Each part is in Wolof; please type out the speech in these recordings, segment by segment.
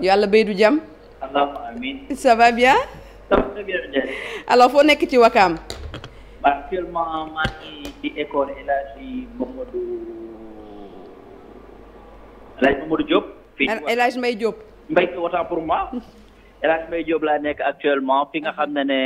yàlla béy du jàmm. ça va bien. alors foo nekk ci wakaam. actuellement maa ngi ci école El Hadj Mamadou El Hadj Mamadou Diop. fii El Hadj Mbaye Diop. Mbaye pour moi El Hadj Mbaye Diop laa nekk actuellement fi nga xam ne ne.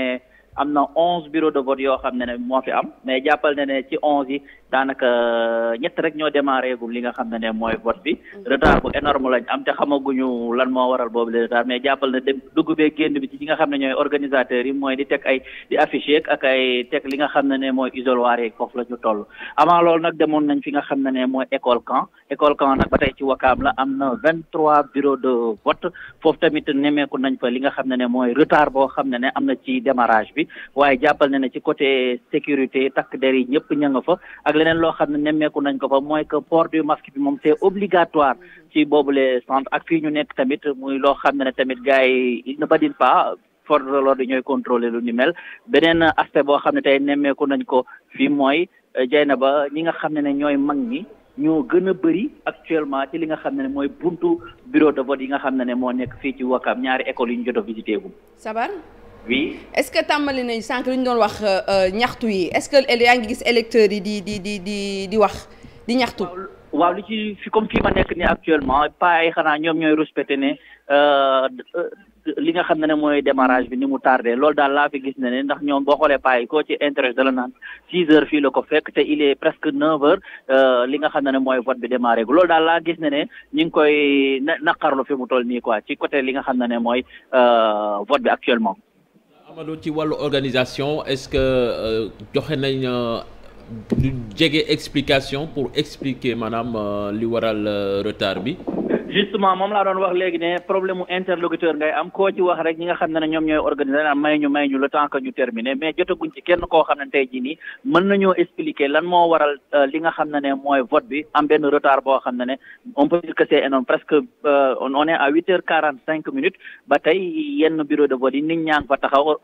am na onze bureau de vote yoo xam ne ne moo fi am mais jàppal ne ne ci onze yi daanaka euh, ñett rek ñoo démarré gum li nga xam ne ne mooy vote bi mm-hmm. retard bu énorme lañ am te xamaguñu lan moo waral boobu le mais jàppal na dem dugg bee bi ci ñi nga xam ne ñooy organisateurs yi mooy di teg ay di affiché ak ay teg li nga xam ne ne mooy isoloir yeeg foofu la ñu toll avant loolu nag demoon nañ fi nga xam ne ne mooy école camp école camp nag ba tey ci wakaam la am na vingt trois bureau de vote foofu tamit nemeeku nañ fa li nga xam ne ne mooy retard boo xam ne ne am na ci démarrage bi bi waaye jàppal na ne ci côté sécurité takk der yi ñëpp ña nga fa ak leneen loo xam ne nemmeeku nañ ko fa mooy que port du masque bi moom se obligatoire ci boobu boobule centre ak fii ñu nekk tamit muy loo xam ne tamit gars yi na ne badine pas force de l'ordre ñooy contrôler lu ni mel beneen aspect boo xam ne tey nemmeeku nañ ko fii mooy jay euh, na ba ñi nga xam ne ne ñooy mag ñi ñoo gën a bëri actuellement ci li nga xam ne mooy buntu bureau de vote yi nga xam ne moo nekk fii ci Wakam ñaari école yi ñu jot a visité wii est-ce que tàmbali nañ sànq li ñu doon wax euh, euh, ñaxtu yi est-ce que yaa ngi gis électeurs yi di di di di di wax di ñaxtu. waaw lu ci fi comme fi ma nekk nii actuellement pas ay xanaa ñoom ñooy respecté ne euh, li nga xam ne mooy démarrage bi ni mu tardé loolu daal laa fi gis ne ne ndax ñoom boo xoolee paa yi koo ci intérêt da la naan six heures fii la ko fekk te il est presque neuf heures li nga xam na ne mooy vote bi démarré gu loolu daal laa gis ne ne ñu ngi koy naqarlu fi mu toll nii quoi ci côté li nga xam ne mooy vote bi actuellement. Amadou ci wàllu organisation est-ce que euh, joxe nañ du euh, jege explication pour expliquer maanaam euh, li waral retard bi. justement moom laa doon wax léegi ne problème mu interlocuteur ngay am koo ci wax rek ñi nga xam ne ne ñoom ñooy organiser naan may ñu may ñu le temps que ñu terminer mais jotaguñ ci kenn koo xam ne tey jii nii mën nañoo expliquer lan moo waral euh, li nga xam ne ne mooy vote bi am benn retard boo xam ne ne on peut dire que c'est énorme presque euh, on cinq minutes ba tey yenn bureau de vote yi nit ñaa ngi fa taxaw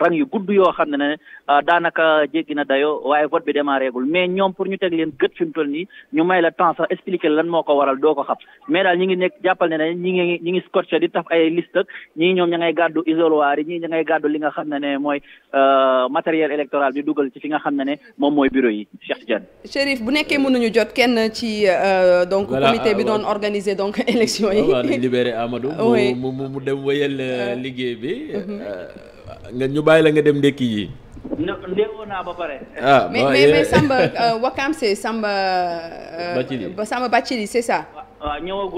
rang yu gudd yoo xam ne ne euh, daanaka jéggi na dayoo waaye vote bi démarré gul mais ñoom pour ñu teg leen gët fi mu toll nii may la temps sax expliquer lan moo ko waral doo ko xam daal ñi ngi nekk jàppal ne ne ñi ngi ñi ngi scotché ay liste ak ñii ñoom ña ngay gàddu isoloir yi ñii ña ngay gàddu li nga xam ne ne mooy euh, matériel électoral bi dugal ci fi nga xam ne ne moom mooy bureau yi Cheikh Tidiane Chérif bu nekkee mënuñu jot kenn ci euh, donc comité bi doon organiser donc élection yi waaw nañ libéré Amadou mu mu mu dem wéyal euh, liggéey bi mhm. nga ñu bàyyi la nga dem ndekki yi ndéewoon naa ba pare. ah mais eh. mais Samba Wakam c'est Samba. Bathily Samba Bathily c'est ça. waaw euh, ñëwagul